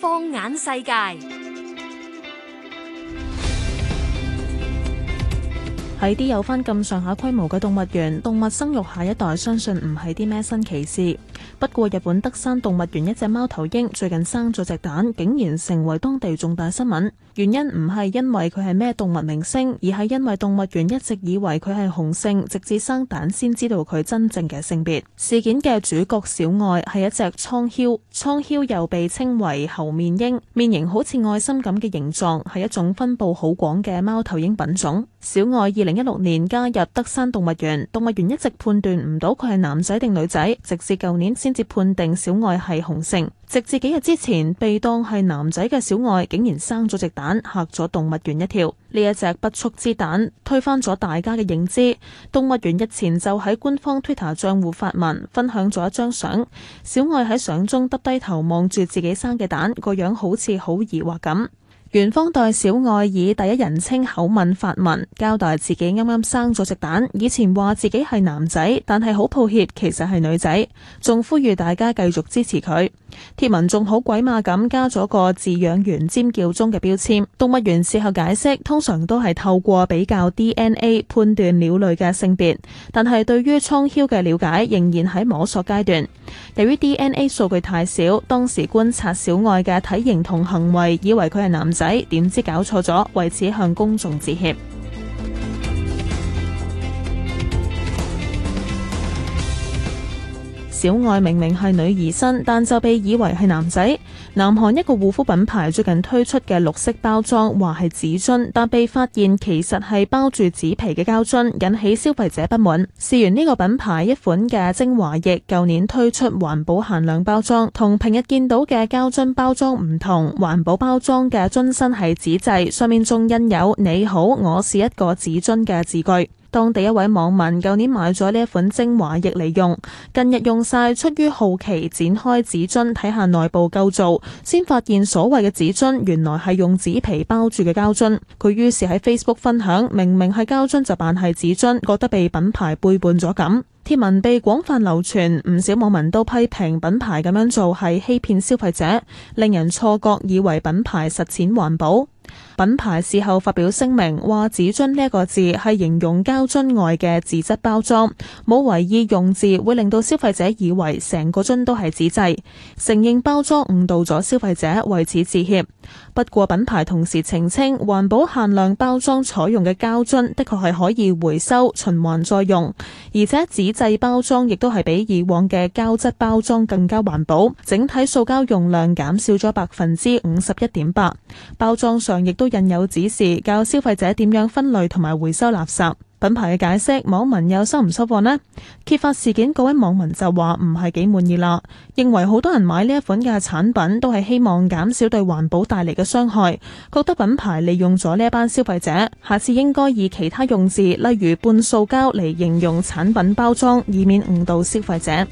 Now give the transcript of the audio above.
放眼世界，喺啲 有返咁上下規模嘅動物園，動物生育下一代，相信唔係啲咩新奇事。不過日本德山動物園一隻貓頭鷹最近生咗隻蛋，竟然成為當地重大新聞。原因唔係因為佢係咩動物明星，而係因為動物園一直以為佢係雄性，直至生蛋先知道佢真正嘅性別。事件嘅主角小愛係一隻蒼梟，蒼梟又被稱為猴面鷹，面型好似愛心咁嘅形狀，係一種分布好廣嘅貓頭鷹品種。小愛二零一六年加入德山動物園，動物園一直判斷唔到佢係男仔定女仔，直至舊年，先至判定小愛係雄性，直至幾日之前被當係男仔嘅小愛，竟然生咗隻蛋，嚇咗動物園一跳。呢一隻不速之蛋，推翻咗大家嘅認知。動物園日前就喺官方 Twitter 賬戶發文，分享咗一張相，小愛喺相中耷低頭望住自己生嘅蛋，個樣好似好疑惑咁。園方代小愛以第一人稱口吻發文，交代自己啱啱生咗隻蛋，以前話自己係男仔，但係好抱歉其實係女仔，仲呼籲大家繼續支持佢。貼文仲好鬼馬咁加咗個飼養員尖叫中嘅標籤。動物園事後解釋，通常都係透過比較 DNA 判斷鳥類嘅性別，但係對於倉鴞嘅了解仍然喺摸索階段。由於 DNA 數據太少，當時觀察小愛嘅體型同行為，以為佢係男仔，點知搞錯咗，為此向公眾致歉。小愛明明係女兒身，但就被以為係男仔。南韓一個護膚品牌最近推出嘅綠色包裝，話係紙樽，但被發現其實係包住紙皮嘅膠樽，引起消費者不滿。試完呢個品牌一款嘅精華液，舊年推出環保限量包裝，同平日見到嘅膠樽包裝唔同，環保包裝嘅樽身係紙製，上面仲印有“你好，我是一個紙樽”嘅字句。當地一位網民舊年買咗呢一款精華液嚟用，近日用晒。出於好奇剪開紙樽睇下內部構造，先發現所謂嘅紙樽原來係用紙皮包住嘅膠樽。佢於是喺 Facebook 分享，明明係膠樽就扮係紙樽，覺得被品牌背叛咗咁。貼文被廣泛流傳，唔少網民都批評品牌咁樣做係欺騙消費者，令人錯覺以為品牌實踐環保。品牌事後發表聲明，話紙樽呢一個字係形容膠樽外嘅紙質包裝，冇為意用字會令到消費者以為成個樽都係紙製，承認包裝誤導咗消費者，為此致歉。不過品牌同時澄清，環保限量包裝採用嘅膠樽的確係可以回收循環再用，而且紙製包裝亦都係比以往嘅膠質包裝更加環保，整體塑膠用量減少咗百分之五十一點八，包裝上，亦都印有指示，教消費者點樣分類同埋回收垃圾。品牌嘅解釋，網民又收唔收貨呢？揭發事件嗰位網民就話唔係幾滿意啦，認為好多人買呢一款嘅產品都係希望減少對環保帶嚟嘅傷害，覺得品牌利用咗呢一班消費者，下次應該以其他用字，例如半塑膠嚟形容產品包裝，以免誤導消費者。